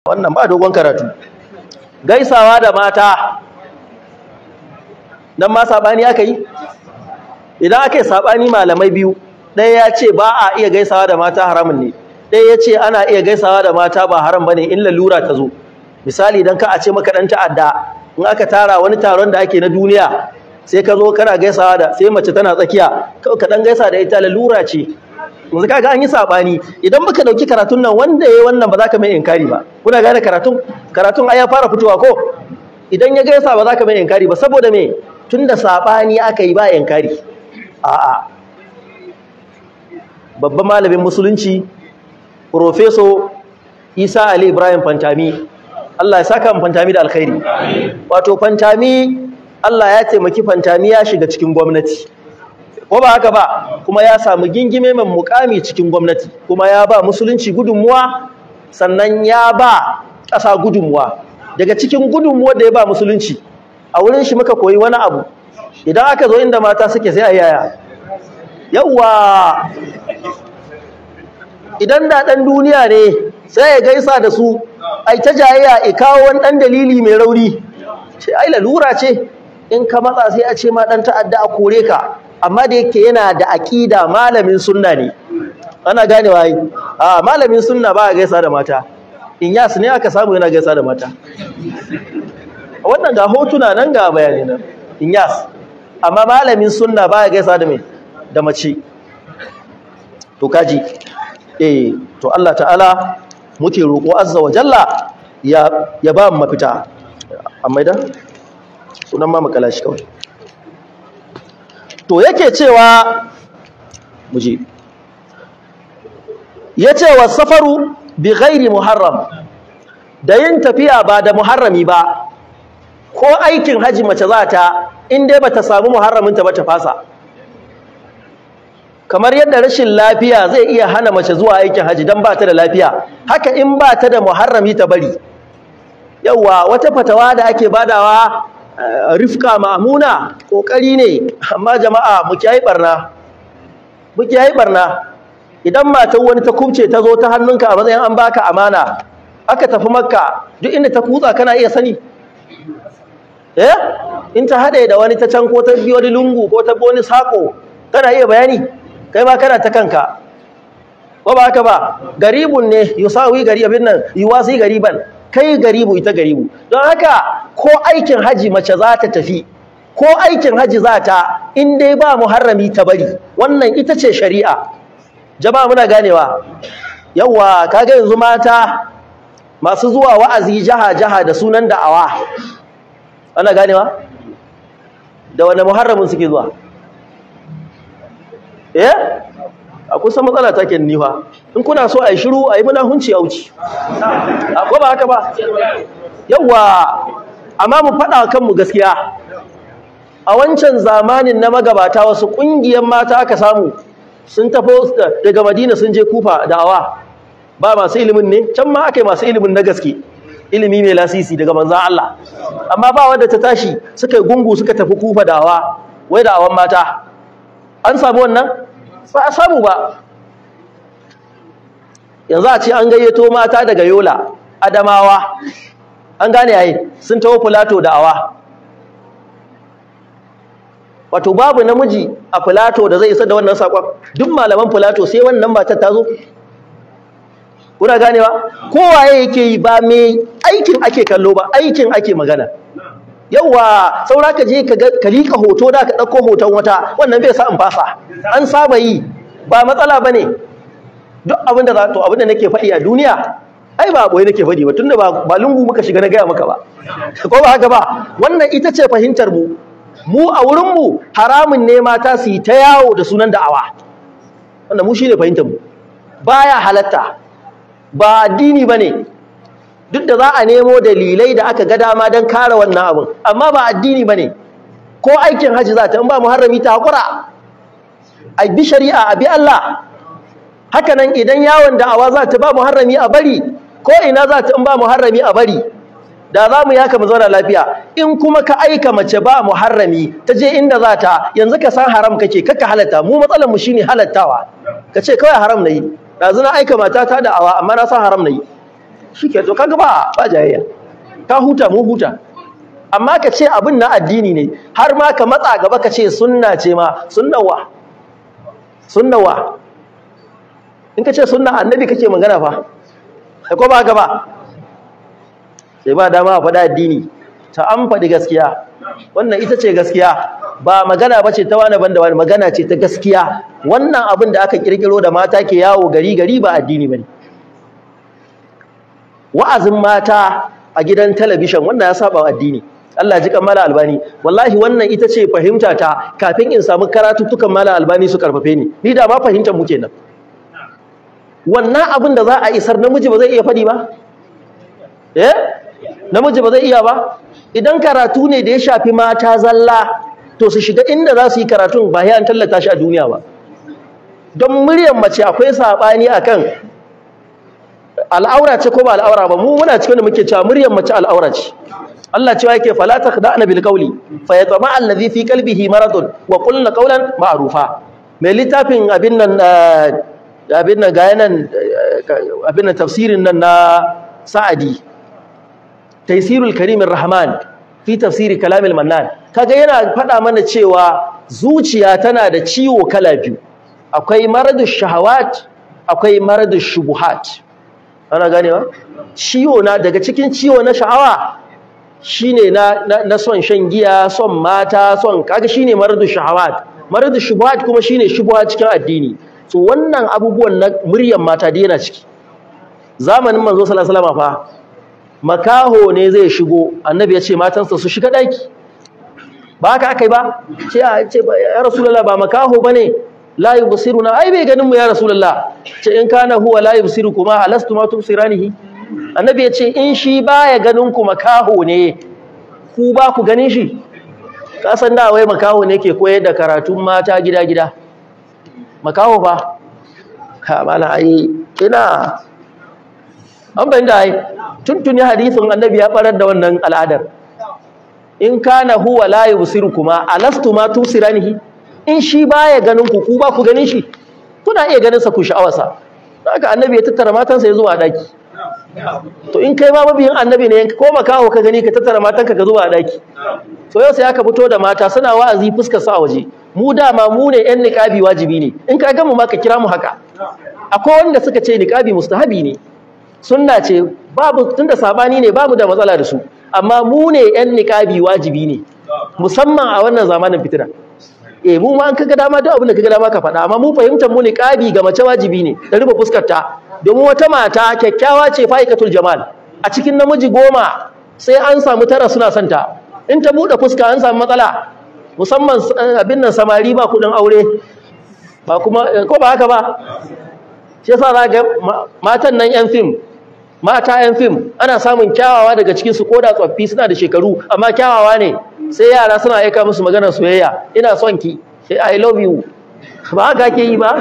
wannan ba dogon karatu gaisawa da mata dan ma sabani aka yi idan aka yi sabani malamai biyu ɗaya ya ce ba a iya gaisawa da mata haramun ne ɗaya ya ce ana iya gaisawa da mata ba haram ba ne in lalura ta zo misali idan ka a ce maka ɗan ta'adda in aka tara wani taron da ake na duniya sai ka zo kana gaisawa da sai mace tana tsakiya ka ɗan gaisa da ita lalura ce yanzu kaga an yi sabani idan muka dauki karatun nan wanda yayi wannan ba za ka mai inkari ba kuna gane karatun karatun ai ya fara fitowa ko idan ya gaisa ba za ka mai inkari ba saboda me tunda sabani aka yi ba inkari a'a babban malamin musulunci professor Isa Ali Ibrahim Fantami Allah ya saka mu Fantami da alkhairi wato Fantami Allah ya taimaki Fantami ya shiga cikin gwamnati ko ba haka ba kuma ya samu gingime mai mukami cikin gwamnati kuma ya ba musulunci gudunmuwa sannan ya ba ƙasa gudunmuwa daga cikin gudunmuwa da ya ba musulunci a wurin shi muka koyi wani abu idan aka zo inda mata suke sai a yaya yawwa idan da ɗan duniya ne sai ya gaisa da su ai ta jayayya ya kawo wani ɗan dalili mai rauni ce ai lalura ce in ka matsa sai a ce ma ɗan ta'adda a kore ka amma da yake yana da aƙida malamin sunna ne ana gane waye a malamin sunna ba gaisa da mata in yas ne aka samu yana gaisa da mata wannan ga hotuna nan ga bayani nan in yas amma malamin sunna ba gaisa da me da mace to kaji eh to Allah ta'ala muke roƙo azza wa jalla ya ya ba mu mafita amma idan sunan ma makala shi kawai to yake cewa muji yace wa safaru bi ghairi muharram da yin tafiya ba da muharrami ba ko aikin haji mace za ta in dai ta samu muharramin ta ba ta fasa kamar yadda rashin lafiya zai iya hana mace zuwa aikin haji dan ba ta da lafiya haka in ba ta da muharrami ta bari yauwa wata fatawa da ake badawa Eh, rifka ma'amuna kokari ne amma jama'a mu kiyaye barna mu barna idan matar wani ta kumce ta zo ta hannunka a matsayin an baka amana aka tafi makka duk inda ta kutsa kana iya sani eh in ta haɗe da wani ta can ko ta bi wani lungu ko ta bi wani sako kana iya bayani kai ma kana ta kanka ba ba haka ba garibun ne yusawi garibin nan yuwasi gariban kai garibu ita garibu don haka ko aikin haji mace za ta tafi ko aikin haji za ta in dai ba muharrami ta bari wannan ita ce shari'a jama'a muna ganewa yawa kaga yanzu mata masu zuwa wa'azi jaha jaha da sunan da'awa ana ganewa da wanne muharramin suke zuwa eh A kusan matsala take ni in kuna so a yi shiru A yi muna hunci yauci a ba haka ba yawa amma mu faɗa kanmu gaskiya a wancan zamanin na magabata wasu ƙungiyar mata aka samu sun tafi daga madina sun je kufa da awa. ba masu ilimin ne can ma aka yi masu ilimin na gaske ilimi mai lasisi daga manzan Allah amma ba wadda ta tashi suka gungu suka tafi kufa da awa, wai da awan mata an samu wannan ba a samu ba yanzu a ce an gayyato mata daga yola adamawa an gane yayi sun taho filato da awa wato babu namiji a filato da zai isa da wannan sakon duk malaman filato sai wannan matar ta zo kuna ganewa kowa yake yi ba mai aikin ake kallo ba aikin ake magana yawa saura ka je ka lika hoto da ka ɗauko hoton wata wannan bai sa in fasa an saba yi ba matsala ba duk abin da za to abin da nake faɗi a duniya ai ba boye nake faɗi ba tunda ba lungu muka shiga na gaya maka ba ko ba haka ba wannan ita ce fahimtar mu mu a wurin mu haramun ne mata su yi ta yawo da sunan da'awa wannan mu shine fahimtar mu baya halatta ba addini bane duk da za a nemo dalilai da aka ga dama don kare wannan abin amma ba addini ba ne ko aikin hajji za ta in ba muharrami ta haƙura a bi shari'a a bi Allah haka nan idan yawon da'awa za ta ba muharrami a bari ko ina za ta in ba muharrami a bari da za mu yaka mu zauna lafiya in kuma ka aika mace ba muharrami ta je inda za ta yanzu ka san haram kake kaka halatta mu matsalar mu shine halattawa ka ce kawai haram na yi ɗazu na aika matata da'awa amma na san haram na yi Shi ke zo kaga ba ba jayayya ka huta mu huta amma ka ce abin na addini ne har ma ka matsa gaba ka ce sunna ce ma sunnawa sunnawa in ka ce sunna annabi kake magana fa ko ba gaba ba sai ba dama a faɗa addini ta an faɗi gaskiya wannan ita ce gaskiya ba magana ba ce ta wani ban da wani magana ce ta gaskiya wannan abin da aka kirkiro da mata ke yawo gari gari ba addini ba ne wa'azin mata a gidan talabishin wannan ya saba addini Allah ji kan albani wallahi wannan ita ce fahimta ta kafin in samu karatuttukan mala albani su karfafe ni ni da ma fahimtar mu kenan wannan abin da za a isar namiji ba zai iya fadi ba eh namiji ba zai iya ba idan karatu ne da ya shafi mata zalla to su shiga inda za su yi karatun ba ya an tallata shi a duniya ba don muryar mace akwai saɓani akan al'aura ce ko ba al'aura ba mu muna cikin da muke cewa muryar mace al'aura ce Allah cewa yake fala takhda'na bil qawli fa yatma allazi fi qalbihi maradun wa qulna qawlan ma'rufa mai littafin abin nan eh, abin nan ga yanan eh, abin nan tafsirin nan na Sa'adi Taysirul Karimir Rahman fi tafsiri kalamil mannan kaga yana faɗa mana cewa zuciya tana da ciwo kala biyu akwai maradu shahawat akwai maradu shubuhat ana gane ba. ciwo na daga cikin ciwo na sha'awa shine na na son shan giya son mata son kaga shine maradu shahawat maradu shubuhat kuma shine shubuha cikin addini so wannan abubuwan na muryar mata da yana ciki zamanin manzo sallallahu alaihi fa makaho ne zai shigo annabi ya ce matansa su shiga daki ba haka akai ba ce ya rasulullah ba makaho bane la yubsiruna ai bai ganin mu ya rasulullah ce in kana huwa la kuma alastu ma tubsiranihi annabi ya ce in shi baya ganin ku makaho ne ku ba ku ganin shi ka san da wai makaho ne ke koyar da karatun mata gida gida makaho ba ka mala ai ina an bayin da ai tuntuni hadisin annabi ya farar da wannan al'adar in kana huwa la yubsirukuma alastu ma tubsiranihi in shi baya ganin ku ku ba ku ganin shi kuna iya ganin sa ku sha'awarsa haka annabi ya tattara matansa ya zuwa a daki to in kai ma mabiyin annabi ne ko makaho ka gani ka tattara matanka ka zuba a daki to yau sai aka fito da mata suna wa'azi fuskar sa a waje mu dama mu ne yan niqabi wajibi ne in ka ga mu ma ka kira mu haka akwai wanda suka ce niqabi mustahabi ne sunna ce babu tunda sabani ne babu da matsala da su amma mu ne yan niqabi wajibi ne musamman a wannan zamanin fitina eh mu ma an kaga dama duk abin da kaga dama ka faɗa amma mu fahimtar mu ne ƙabi ga mace wajibi ne da ruba fuskar ta domin wata mata kyakkyawa ce fa'ikatul jamal a cikin namiji goma sai an samu tara suna son ta in ta buɗe fuska an samu matsala musamman eh, abin nan samari ba kuɗin aure ba kuma eh, ko ba haka ba shi yasa za ga matan nan yan fim mata yan fim ana samun kyawawa daga cikin su koda tsoffi suna da shekaru amma kyawawa ne sai yara suna aika musu maganar soyayya ina son ki i love you ba haka ke yi ba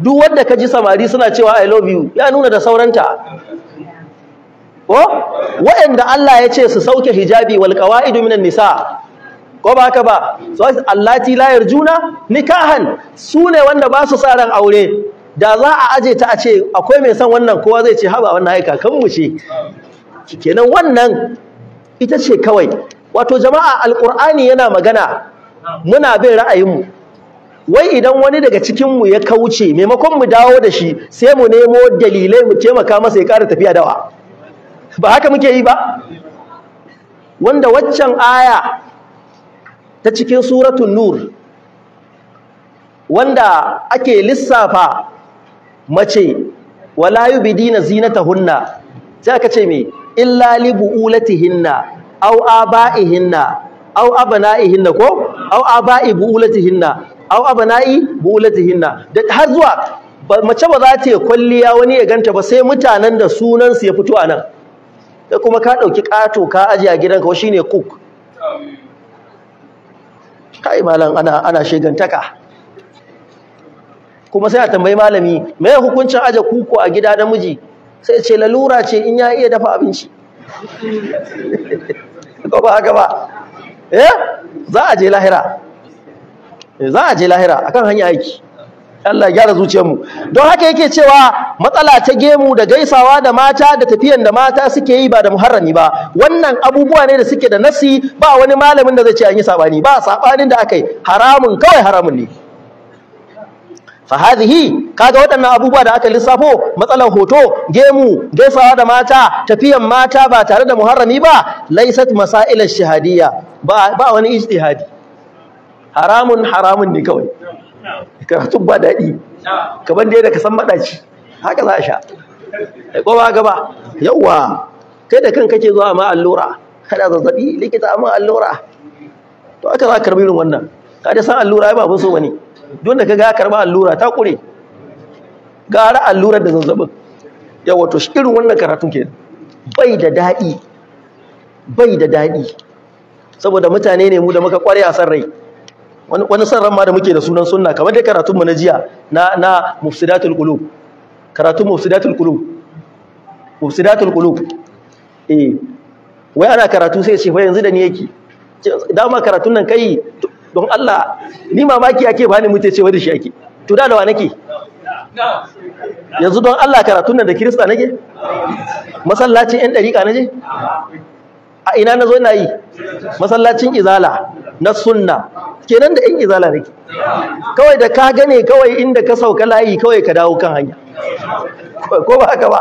duk wanda ka ji samari suna cewa i love you ya nuna da sauranta ko waɗanda Allah ya ce su sauke hijabi wal qawaidu minan nisa ko ba haka ba so allati la yarjuna nikahan sune wanda ba su sa ran aure da za a aje ta a ce akwai mai son wannan kowa zai ce haba wannan aika kan mu ce kenan wannan ita ce kawai wato jama'a alqur'ani yana magana muna bin mu wai idan wani daga cikin mu ya kauce maimakon mu dawo da shi sai mu nemo dalilai mu taimaka masa ya ƙara tafiya dawa ba haka muke yi ba wanda waccan aya ta cikin suratun nur wanda ake lissafa mace wala yubdina zinatahunna sai aka ce me illa li buulatihinna aw abaihinna aw abnaihinna ko aw abai buulatihinna aw abnai buulatihinna da har zuwa mace ba za ta kulliya kwalliya wani ya ganta ba sai mutanen da sunan su ya fito a nan kuma ka dauki kato ka aje a gidanka wa shine cook kai malam ana ana shegantaka kuma sai a tambayi malami me ya hukuncin aje kuku a gida namiji sai ce lalura ce in ya iya dafa abinci ko ba haka ba eh za a je lahira eh, za a je lahira akan hanya aiki Allah gyara zuciyarmu don haka yake cewa matsala ta gemu da gaisawa da mata da tafiyan da mata suke yi ba da muharrami ba wannan abubuwa ne da suke da nasi ba wani malamin da zai ce an yi sabani ba sabanin da aka yi haramun kawai haramun ne fa hadhihi kaga waɗannan abubuwa da aka lissafo matsalar hoto gemu gaisawa da mata tafiyan mata ba tare da muharrami ba Laisat masail ash-shahadiyya ba ba wani ijtihadi haramun haramun ne kawai karatun ba daɗi kaban da ka san maɗaci haka za a sha ko ba gaba yawwa kai da kanka ke zuwa ma allura Kada zazzabi likita ma allura to aka za ka karbi irin wannan ka da san allura ba abin so bane don da kaga ya karba allura ta kure gara allurar da zazzabin wato shi irin wannan karatun ke bai da daɗi bai da daɗi saboda mutane ne mu da muka kware a san rai wani san ran ma da muke da sunan sunna kamar dai karatun mu na jiya na na mufsidatul qulub karatun mufsidatul qulub mufsidatul qulub eh wai ana karatu sai ce fa yanzu da ni yake dama karatun nan kai don Allah ni mamaki ake bani mu cewa da shi ake to da wa nake yanzu don Allah karatun nan da Kirista nake masallacin ɗan ɗariƙa nake a ina nazo ina yi masallacin izala na sunna kenan da ɗan izala nake kawai da ka gane kawai inda ka sauka layi kawai ka dawo kan hanya ko ba haka ba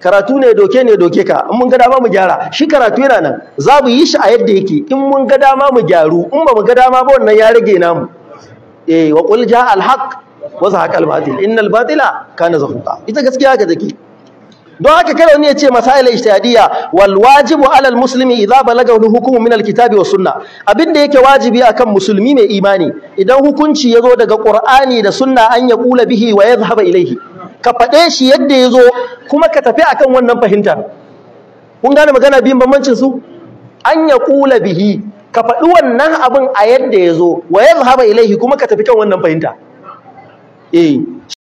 karatu ne doke ne doke ka in mun ga dama mu gyara shi karatu yana nan za mu yi shi a yadda yake in mun ga dama mu gyaru in ba mu ga dama ba wannan ya rage namu eh wa qul ja al haqq wa zahaqa al batil innal batila kana zahuqa ita gaskiya ga take don haka kada wani ya ce masail ijtihadiyya wal wajibu alal muslimi idza al hukm min al kitabi wa sunna abinda yake wajibi akan musulmi mai imani idan hukunci yazo daga qur'ani da sunna an ya kula bihi wa yadhhab ilayhi ka faɗe shi yadda ya zo kuma ka tafi akan wannan fahimtar kun gane magana biyun bambancin su an ya ƙula bihi ka faɗi wannan abin a yadda ya zo wa ya haɓa ilaihi kuma ka tafi kan wannan fahimta eh